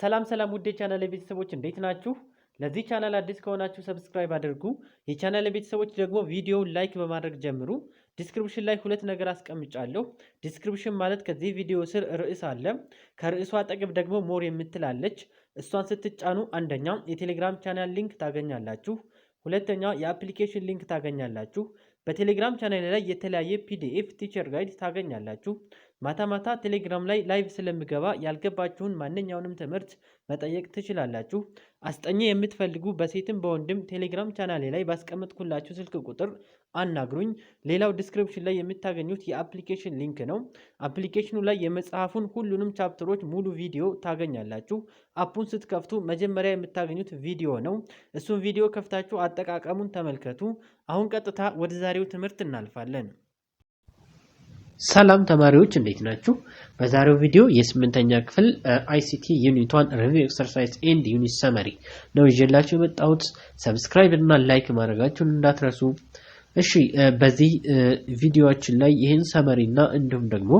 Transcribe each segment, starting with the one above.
ሰላም ሰላም ውዴ ቻናል ቤተሰቦች እንዴት ናችሁ? ለዚህ ቻናል አዲስ ከሆናችሁ ሰብስክራይብ አድርጉ። የቻናል ቤተሰቦች ደግሞ ቪዲዮውን ላይክ በማድረግ ጀምሩ። ዲስክሪፕሽን ላይ ሁለት ነገር አስቀምጫለሁ። ዲስክሪፕሽን ማለት ከዚህ ቪዲዮ ስር ርዕስ አለ። ከርዕሱ አጠገብ ደግሞ ሞር የምትላለች እሷን ስትጫኑ አንደኛ የቴሌግራም ቻናል ሊንክ ታገኛላችሁ፣ ሁለተኛ የአፕሊኬሽን ሊንክ ታገኛላችሁ። በቴሌግራም ቻናል ላይ የተለያየ ፒዲኤፍ ቲቸር ጋይድ ታገኛላችሁ። ማታ ማታ ቴሌግራም ላይ ላይቭ ስለምገባ ያልገባችሁን ማንኛውንም ትምህርት መጠየቅ ትችላላችሁ። አስጠኚ የምትፈልጉ በሴትም በወንድም ቴሌግራም ቻናሌ ላይ ባስቀመጥኩላችሁ ስልክ ቁጥር አናግሩኝ። ሌላው ዲስክሪፕሽን ላይ የምታገኙት የአፕሊኬሽን ሊንክ ነው። አፕሊኬሽኑ ላይ የመጽሐፉን ሁሉንም ቻፕተሮች ሙሉ ቪዲዮ ታገኛላችሁ። አፑን ስትከፍቱ መጀመሪያ የምታገኙት ቪዲዮ ነው። እሱን ቪዲዮ ከፍታችሁ አጠቃቀሙን ተመልከቱ። አሁን ቀጥታ ወደ ዛሬው ትምህርት እናልፋለን። ሰላም ተማሪዎች እንዴት ናችሁ? በዛሬው ቪዲዮ የስምንተኛ ክፍል አይሲቲ ዩኒት ዋን ሪቪው ኤክሰርሳይዝ ኤንድ ዩኒት ሰመሪ ነው ይዤላችሁ የመጣሁት። ሰብስክራይብ እና ላይክ ማድረጋችሁን እንዳትረሱ። እሺ፣ በዚህ ቪዲዮችን ላይ ይህን ሰመሪ እና እንዲሁም ደግሞ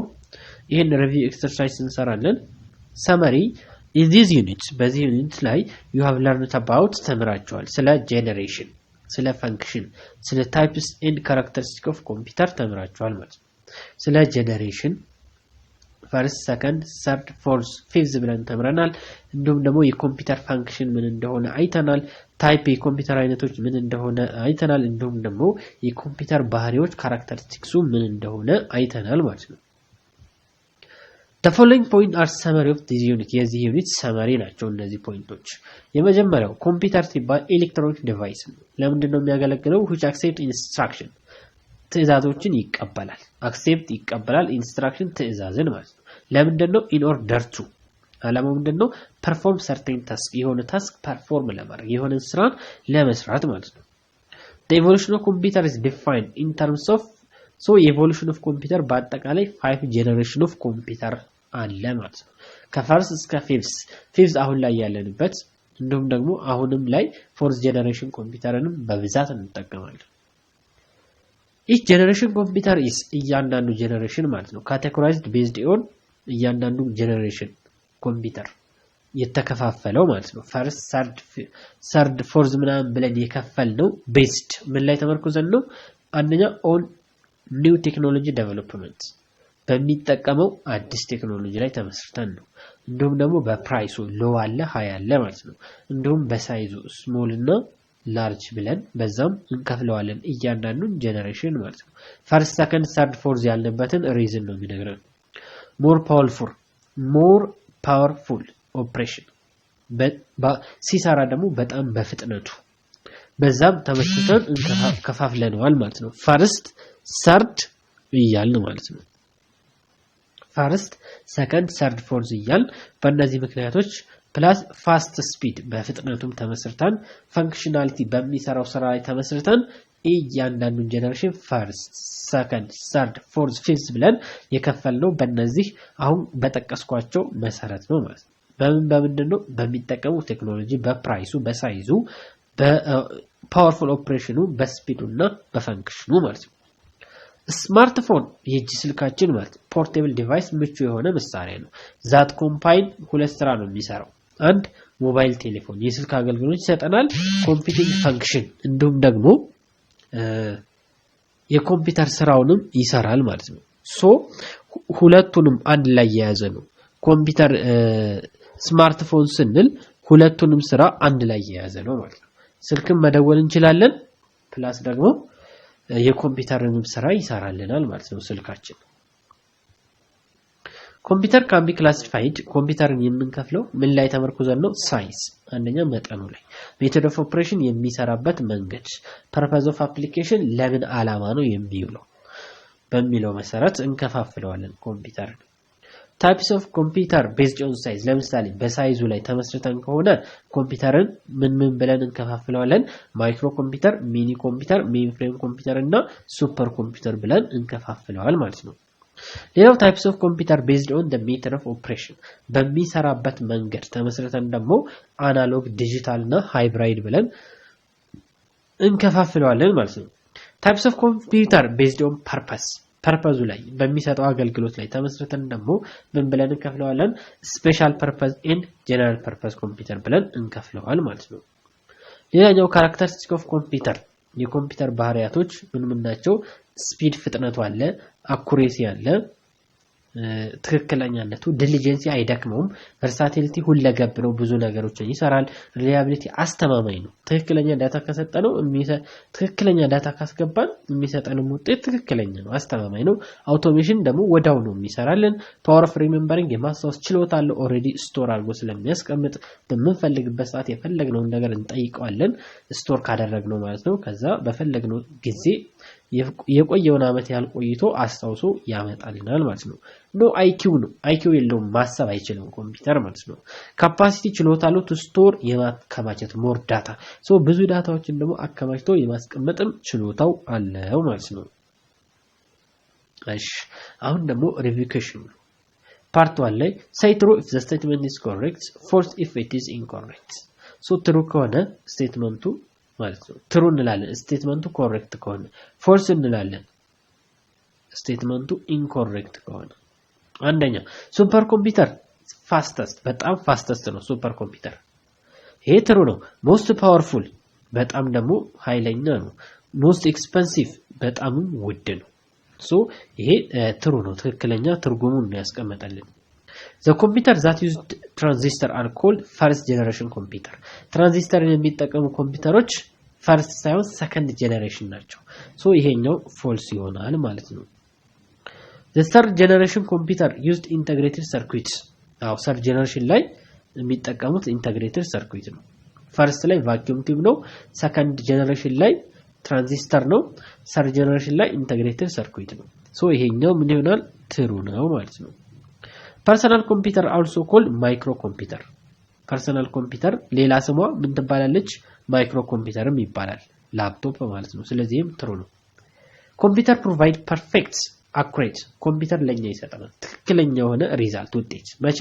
ይህን ሪቪው ኤክሰርሳይዝ እንሰራለን። ሰመሪ ኢዚዝ ዩኒት፣ በዚህ ዩኒት ላይ ዩ ሃቭ ለርንት አባውት ተምራችኋል። ስለ ጄኔሬሽን፣ ስለ ፈንክሽን፣ ስለ ታይፕስ ኤንድ ካራክተሪስቲክ ኦፍ ኮምፒውተር ተምራችኋል ማለት ነው። ስለ ጄኔሬሽን ፈርስት ሰከንድ ሰርድ ፎርስ ፊዝ ብለን ተምረናል። እንዲሁም ደግሞ የኮምፒውተር ፋንክሽን ምን እንደሆነ አይተናል። ታይፕ የኮምፒውተር አይነቶች ምን እንደሆነ አይተናል። እንዲሁም ደግሞ የኮምፒውተር ባህሪዎች ካራክተሪስቲክሱ ምን እንደሆነ አይተናል ማለት ነው። the following point are summary of this unit የዚህ ዩኒት ሰመሪ ናቸው እነዚህ ፖይንቶች። የመጀመሪያው ኮምፒውተር ሲባል ኤሌክትሮኒክ ዲቫይስ ነው። ለምንድን ነው የሚያገለግለው? which accept instruction ትዕዛዞችን ይቀበላል አክሴፕት ይቀበላል ኢንስትራክሽን ትዕዛዝን ማለት ነው። ለምንድን ነው ኢን ኦርደር ቱ አላማው ምንድን ነው? ፐርፎርም ሰርቴን ታስክ የሆነ ታስክ ፐርፎርም ለማድረግ የሆነ ስራን ለመስራት ማለት ነው። ኢቮሉሽን ኦፍ ኮምፒውተር ኢዝ ዲፋይንድ ኢን ተርምስ ኦፍ ሶ የኢቮሉሽን ኦፍ ኮምፒውተር በአጠቃላይ ፋይቭ ጄኔሬሽን ኦፍ ኮምፒውተር አለ ማለት ነው። ከፈርስ እስከ ፊፍስ ፊፍስ አሁን ላይ ያለንበት እንዲሁም ደግሞ አሁንም ላይ ፎርስ ጄኔሬሽን ኮምፒውተርንም በብዛት እንጠቀማለን። ኢች ጀነሬሽን ኮምፒውተር ኢስ እያንዳንዱ ጀነሬሽን ማለት ነው። ካቴጎራይዝድ ቤዝድ ኦን እያንዳንዱ ጀነሬሽን ኮምፒውተር የተከፋፈለው ማለት ነው። ፈርስት ሰርድ ፎርዝ ምናምን ብለን የከፈል ነው። ቤዝድ ምን ላይ ተመርኩዘን ነው? አንደኛ ኦን ኒው ቴክኖሎጂ ዴቨሎፕመንት በሚጠቀመው አዲስ ቴክኖሎጂ ላይ ተመስርተን ነው። እንዲሁም ደግሞ በፕራይሱ ሎ አለ ሀይ አለ ማለት ነው። እንዲሁም በሳይዙ ስሞል እና ላርጅ ብለን በዛም እንከፍለዋለን እያንዳንዱን ጀነሬሽን ማለት ነው። ፈርስት ሰከንድ ሰርድ ፎርዝ ያለበትን ሪዝን ነው የሚነግረን። ሞር ፓወርፉል ሞር ፓወርፉል ኦፕሬሽን ሲሰራ ደግሞ በጣም በፍጥነቱ በዛም ተመስርተን እንከፋፍለነዋል ማለት ነው። ፈርስት ሰርድ እያልን ማለት ነው። ፈርስት ሰከንድ ሰርድ ፎርዝ እያልን በእነዚህ ምክንያቶች ፕላስ ፋስት ስፒድ በፍጥነቱም ተመስርተን ፈንክሽናሊቲ በሚሰራው ስራ ላይ ተመስርተን እያንዳንዱን ጀነሬሽን ፈርስት፣ ሰከንድ፣ ሰርድ፣ ፎርዝ፣ ፊዝ ብለን የከፈልነው በእነዚህ አሁን በጠቀስኳቸው መሰረት ነው ማለት ነው። በምን በምንድን ነው በሚጠቀሙ ቴክኖሎጂ፣ በፕራይሱ፣ በሳይዙ፣ በፓወርፉል ኦፕሬሽኑ፣ በስፒዱ እና በፈንክሽኑ ማለት ነው። ስማርትፎን የእጅ ስልካችን ማለት ፖርቴብል ዲቫይስ ምቹ የሆነ መሳሪያ ነው። ዛት ኮምፓይን ሁለት ስራ ነው የሚሰራው አንድ ሞባይል ቴሌፎን የስልክ አገልግሎት ይሰጠናል። ኮምፒውቲንግ ፈንክሽን እንዲሁም ደግሞ የኮምፒውተር ስራውንም ይሰራል ማለት ነው። ሶ ሁለቱንም አንድ ላይ የያዘ ነው። ኮምፒውተር ስማርትፎን ስንል ሁለቱንም ስራ አንድ ላይ የያዘ ነው ማለት ነው። ስልክም መደወል እንችላለን፣ ፕላስ ደግሞ የኮምፒውተርንም ስራ ይሰራልናል ማለት ነው ስልካችን ኮምፒውተር ካን ቢ ክላሲፋይድ ኮምፒውተርን የምንከፍለው ምን ላይ ተመርኩዘን ነው? ሳይዝ አንደኛ መጠኑ ላይ፣ ሜቶድ ኦፍ ኦፕሬሽን የሚሰራበት መንገድ፣ ፐርፐዝ ኦፍ አፕሊኬሽን ለምን ዓላማ ነው የሚውለው በሚለው መሰረት እንከፋፍለዋለን ኮምፒውተርን። ታይፕስ ኦፍ ኮምፒውተር ቤዝድ ኦን ሳይዝ፣ ለምሳሌ በሳይዙ ላይ ተመስርተን ከሆነ ኮምፒውተርን ምን ምን ብለን እንከፋፍለዋለን? ማይክሮ ኮምፒውተር፣ ሚኒ ኮምፒውተር፣ ሜይንፍሬም ኮምፒውተር እና ሱፐር ኮምፒውተር ብለን እንከፋፍለዋል ማለት ነው። ሌላው ታይፕስ ኦፍ ኮምፒውተር ቤዝድ ኦን ደ ኦፍ ኦፕሬሽን በሚሰራበት መንገድ ተመስርተን ደግሞ አናሎግ፣ ዲጂታል እና ሃይብራይድ ብለን እንከፋፍለዋለን ማለት ነው። ታይፕስ ኦፍ ኮምፒውተር ቤዝድ ኦን ፐርፐስ ፐርፐዙ ላይ በሚሰጠው አገልግሎት ላይ ተመስርተን ደግሞ ምን ብለን እንከፍለዋለን? ስፔሻል ፐርፐስ ኤንድ ጀነራል ፐርፐስ ኮምፒውተር ብለን እንከፍለዋል ማለት ነው። ሌላኛው ካራክተሪስቲክ ኦፍ ኮምፒውተር የኮምፒውተር ባህሪያቶች ምን ምን ናቸው? ስፒድ ፍጥነቱ አለ፣ አኩሬሲ አለ፣ ትክክለኛነቱ ዲሊጀንሲ አይደክመውም። ቨርሳቲሊቲ ሁለገብ ነው፣ ብዙ ነገሮችን ይሰራል። ሪላያቢሊቲ አስተማማኝ ነው። ትክክለኛ ዳታ ከሰጠ ነው ትክክለኛ ዳታ ካስገባን የሚሰጠንም ውጤት ትክክለኛ ነው፣ አስተማማኝ ነው። አውቶሜሽን ደግሞ ወዳው ነው የሚሰራልን። ፓወር ኦፍ ሪሜምበሪንግ የማስታወስ ችሎታ አለው። ኦልሬዲ ስቶር አድርጎ ስለሚያስቀምጥ በምንፈልግበት ሰዓት የፈለግነውን ነገር እንጠይቀዋለን፣ ስቶር ካደረግነው ማለት ነው። ከዛ በፈለግነው ጊዜ የቆየውን ዓመት ያህል ቆይቶ አስታውሶ ያመጣልናል ማለት ነው። ኖ አይኪው ነው። አይኪው የለውም፣ ማሰብ አይችልም ኮምፒውተር ማለት ነው። ካፓሲቲ ችሎታ አለው ቱ ስቶር የማከማቸት ሞር ዳታ ሶ ብዙ ዳታዎችን ደግሞ አከማችቶ የማስቀመጥም ችሎታው አለው ማለት ነው። እሺ አሁን ደግሞ ሪቪኬሽን ፓርት ዋን ላይ ሳይ ትሩ ኢፍ ዘ ስቴትመንት ኢዝ ኮሬክት ፎልስ ኢፍ ኢት ኢዝ ኢንኮሬክት ሶ ትሩ ከሆነ ስቴትመንቱ ማለት ነው። ትሩ እንላለን ስቴትመንቱ ኮሬክት ከሆነ። ፎልስ እንላለን ስቴትመንቱ ኢንኮሬክት ከሆነ። አንደኛ ሱፐር ኮምፒውተር ፋስተስት፣ በጣም ፋስተስት ነው ሱፐር ኮምፒውተር። ይሄ ትሩ ነው። ሞስት ፓወርፉል፣ በጣም ደግሞ ኃይለኛ ነው። ሞስት ኤክስፐንሲቭ፣ በጣምም ውድ ነው። ሶ ይሄ ትሩ uh, ነው። ትክክለኛ ትርጉሙን ነው ያስቀመጠልን። ዘ ኮምፒውተር ዛት ዩዝድ ትራንዚስተር አር ኮልድ ፈርስት ጀነሬሽን ኮምፒውተር። ትራንዚስተርን የሚጠቀሙ ኮምፒውተሮች ፈርስት ሳይሆን ሰከንድ ጀነሬሽን ናቸው። ሶ ይሄኛው ፎልስ ይሆናል ማለት ነው። ዘ ሰርድ ጀነሬሽን ኮምፒውተር ዩዝድ ኢንተግሬትድ ሰርኩዊት። አዎ ሰርድ ጀነሬሽን ላይ የሚጠቀሙት ኢንተግሬትድ ሰርኩዊት ነው። ፈርስት ላይ ቫኪዩም ቲዩብ ነው። ሰከንድ ጀነሬሽን ላይ ትራንዚስተር ነው። ሰርድ ጀነሬሽን ላይ ኢንተግሬትድ ሰርኩዊት ነው። ሶ ይሄኛው ምን ይሆናል? ትሩ ነው ማለት ነው። ፐርሰናል ኮምፒውተር አልሶ ኮልድ ማይክሮ ኮምፒውተር። ፐርሰናል ኮምፒውተር ሌላ ስሟ ምን ትባላለች? ማይክሮ ኮምፒውተርም ይባላል ላፕቶፕ ማለት ነው። ስለዚህም ትሩ ነው። ኮምፒውተር ፕሮቫይድ ፐርፌክት አኩሬት ኮምፒውተር ለኛ ይሰጠናል ትክክለኛ የሆነ ሪዛልት ውጤት መቼ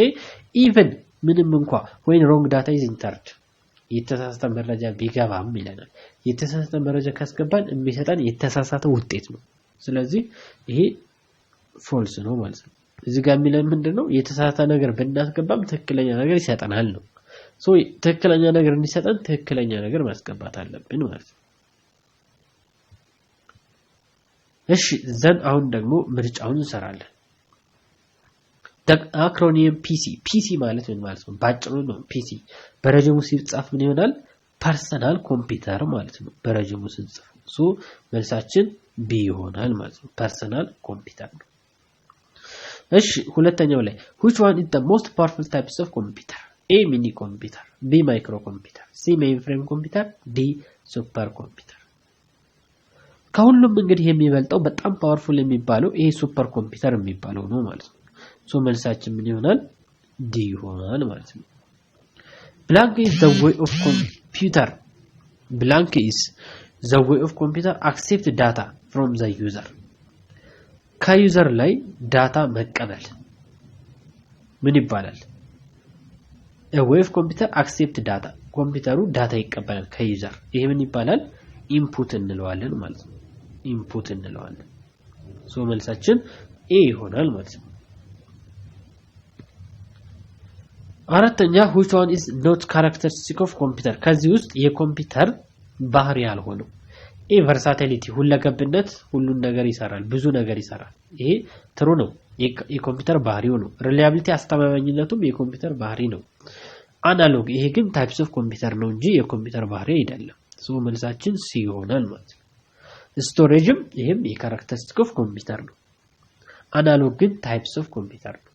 ኢቨን ምንም እንኳ ወይን ሮንግ ዳታ ይዝ ኢንተርድ የተሳሳተ መረጃ ቢገባም ይለናል። የተሳሳተ መረጃ ካስገባን የሚሰጠን የተሳሳተ ውጤት ነው። ስለዚህ ይሄ ፎልስ ነው ማለት ነው። እዚህ ጋር የሚለን ምንድን ነው? የተሳሳተ ነገር ብናስገባም ትክክለኛ ነገር ይሰጠናል ነው። ትክክለኛ ነገር እንዲሰጠን ትክክለኛ ነገር ማስገባት አለብን ማለት ነው። እሺ ዘን አሁን ደግሞ ምርጫውን እንሰራለን። አክሮኒየም ፒሲ ፒሲ ማለት ምን ማለት ነው? ባጭሩ ነው። ፒሲ በረጅሙ ሲጻፍ ምን ይሆናል? ፐርሰናል ኮምፒውተር ማለት ነው። በረጅሙ ሲጻፍ እሱ መልሳችን ቢ ይሆናል ማለት ነው። ፐርሰናል ኮምፒውተር ነው። እሺ ሁለተኛው ላይ which one is the most powerful types of computer ኤ ሚኒ ኮምፒውተር፣ ቢ ማይክሮ ኮምፒውተር፣ ሲ ፍሬም ኮምፒውተር፣ ዲ ሱፐር ኮምፒውተር። ከሁሉም እንግዲህ የሚበልጠው በጣም ፓወርፉል የሚባለው ይሄ ሱፐር ኮምፒውተር የሚባለው ነው ማለት ነው። ሶ መልሳችን ምን ይሆናል? ዲ ይሆናል ማለት ነው። ብላንክ ኢዝ ዘ ዌይ ኦፍ ኮምፒውተር ብላንክ ኢዝ ዘ ዌይ ኦፍ ኮምፒውተር አክሴፕት ዳታ ፍሮም ዘ ዩዘር ከዩዘር ላይ ዳታ መቀበል ምን ይባላል? ዌቭ ኮምፒውተር አክሴፕት ዳታ ኮምፒውተሩ ዳታ ይቀበላል ከዩዘር። ይሄ ምን ይባላል? ኢንፑት እንለዋለን ማለት ነው። ኢንፑት እንለዋለን። ሶ መልሳችን ኤ ይሆናል ማለት ነው። አራተኛ which one is not characteristic of computer ከዚህ ውስጥ የኮምፒውተር ባህሪ ያልሆነው ኤ ቨርሳቲሊቲ ሁለገብነት፣ ሁሉን ነገር ይሰራል፣ ብዙ ነገር ይሰራል። ይሄ ትሩ ነው፣ የኮምፒውተር ባህሪው ነው። ሪላያቢሊቲ አስተማማኝነቱም የኮምፒውተር ባህሪ ነው። አናሎግ ይሄ ግን ታይፕስ ኦፍ ኮምፒውተር ነው እንጂ የኮምፒውተር ባህሪ አይደለም። ሶ መልሳችን ሲ ይሆናል ማለት ነው። ስቶሬጅም ይሄም የካራክተሪስቲክ ኦፍ ኮምፒውተር ነው። አናሎግ ግን ታይፕስ ኦፍ ኮምፒውተር ነው።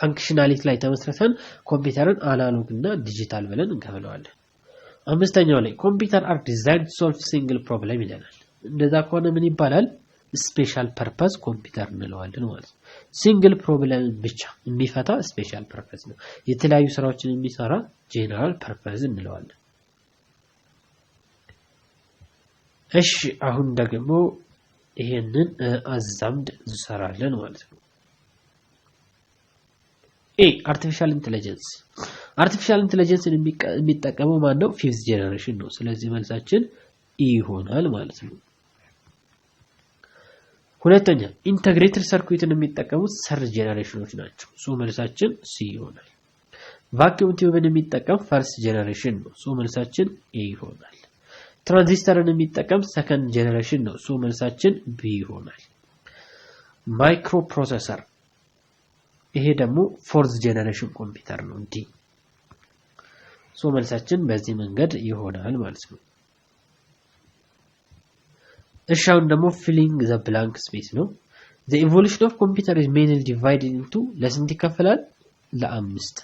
ፈንክሽናሊቲ ላይ ተመስርተን ኮምፒውተርን አናሎግ እና ዲጂታል ብለን እንከፍለዋለን። አምስተኛው ላይ ኮምፒውተር አር ዲዛይን ሶልቭ ሲንግል ፕሮብለም ይለናል። እንደዛ ከሆነ ምን ይባላል? ስፔሻል ፐርፐዝ ኮምፒውተር እንለዋለን ማለት ነው። ሲንግል ፕሮብለም ብቻ የሚፈታ ስፔሻል ፐርፐዝ ነው። የተለያዩ ስራዎችን የሚሰራ ጄኔራል ፐርፐዝ እንለዋለን። እሺ አሁን ደግሞ ይሄንን አዛምድ እንሰራለን ማለት ነው። ኤ አርቲፊሻል ኢንቴሊጀንስ አርቲፊሻል ኢንቴሊጀንስን የሚጠቀመው ማን ነው? ፊፍዝ ጄኔሬሽን ነው። ስለዚህ መልሳችን ኢ e ይሆናል ማለት ነው። ሁለተኛ ኢንተግሬትድ ሰርኩዊትን የሚጠቀሙት ሰርድ ጀነሬሽኖች ናቸው። ሶ መልሳችን ሲ ይሆናል። ቫኪዩም ቲዩብን የሚጠቀም ፈርስት ጀነሬሽን ነው። ሶ መልሳችን ኤ ይሆናል። ትራንዚስተርን የሚጠቀም ሰከንድ ጀነሬሽን ነው። ሶ መልሳችን ቢ ይሆናል። ማይክሮ ፕሮሰሰር ይሄ ደግሞ ፎርዝ ጀነሬሽን ኮምፒውተር ነው። እንዲ ሶ መልሳችን በዚህ መንገድ ይሆናል ማለት ነው። እርሻውን ደግሞ ፊሊንግ ዘ ብላንክ ስፔስ ነው። ዘ ኢቮሉሽን ኦፍ ኮምፒውተር ኢዝ ሜንሊ ዲቫይድድ ኢንቱ ለስንት ይከፈላል? ለአምስት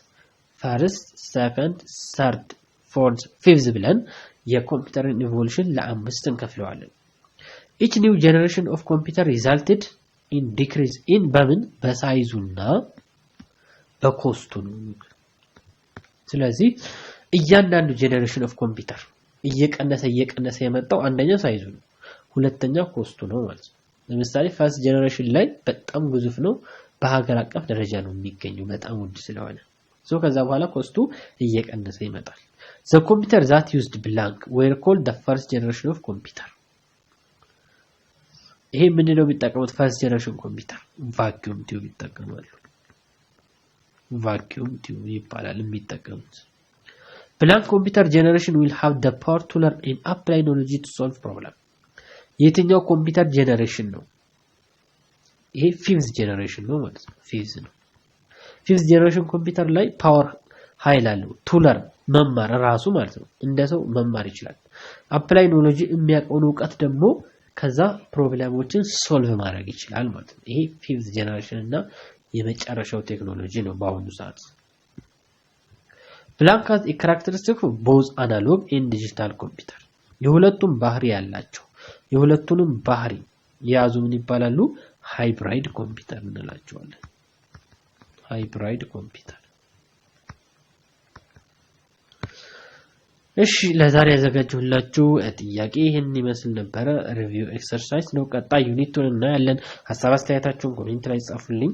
ፈርስት፣ ሰከንድ፣ ሰርድ፣ ፎርት፣ ፊፍዝ ብለን የኮምፒውተርን ኢቮሉሽን ለአምስት እንከፍለዋለን። ኢች ኒው ጀነሬሽን ኦፍ ኮምፒውተር ሪዛልትድ ኢን ዲክሪዝ ኢን በምን በሳይዙና በኮስቱ ነው። ስለዚህ እያንዳንዱ ጀነሬሽን ኦፍ ኮምፒውተር እየቀነሰ እየቀነሰ የመጣው አንደኛው ሳይዙ ነው። ሁለተኛ ኮስቱ ነው ማለት ነው። ለምሳሌ ፋስት ጀነሬሽን ላይ በጣም ግዙፍ ነው። በሀገር አቀፍ ደረጃ ነው የሚገኘው በጣም ውድ ስለሆነ ሶ ከዛ በኋላ ኮስቱ እየቀነሰ ይመጣል። ዘ ኮምፒውተር ዛት ዩዝድ ብላንክ ዌር ኮልድ ዘ ፈርስት ጀነሬሽን ኦፍ ኮምፒውተር። ይሄ ነው የሚጠቀሙት? ፈርስት ጀነሬሽን ኮምፒውተር ቫኪዩም ቲዩብ ይጠቀማሉ። ቫኪዩም ቲዩብ ይባላል የሚጠቀሙት። ብላንክ ኮምፒውተር ጀነሬሽን ዊል ሃቭ ዘ ፓወር ቱ ለርን አፕላይ ኖሎጂ ቱ ሶልቭ ፕሮብለም የትኛው ኮምፒውተር ጄኔሬሽን ነው? ይሄ ፊፍዝ ጄኔሬሽን ነው ማለት ነው። ፊፍዝ ነው። ፊፍዝ ጄኔሬሽን ኮምፒውተር ላይ ፓወር ኃይል አለው። ቱለር መማር ራሱ ማለት ነው። እንደ ሰው መማር ይችላል። አፕላይ ኖሎጂ የሚያውቀውን እውቀት ደግሞ ከዛ ፕሮብለሞችን ሶልቭ ማድረግ ይችላል ማለት ነው። ይሄ ፊፍዝ ጄኔሬሽን እና የመጨረሻው ቴክኖሎጂ ነው በአሁኑ ሰዓት። ብላንክ ሃዝ ኤ ካራክተሪስቲክ ቦዝ አናሎግ ኤንድ ዲጂታል ኮምፒውተር የሁለቱም ባህሪ ያላቸው የሁለቱንም ባህሪ የያዙ ምን ይባላሉ? ሃይብራይድ ኮምፒውተር እንላቸዋለን። ሃይብራይድ ኮምፒውተር። እሺ ለዛሬ ያዘጋጀሁላችሁ ጥያቄ ይህን ይመስል ነበረ። ሪቪው ኤክሰርሳይዝ ነው። ቀጣይ ዩኒቱን እናያለን። ሀሳብ አስተያየታችሁን ኮሜንት ላይ ጻፉልኝ።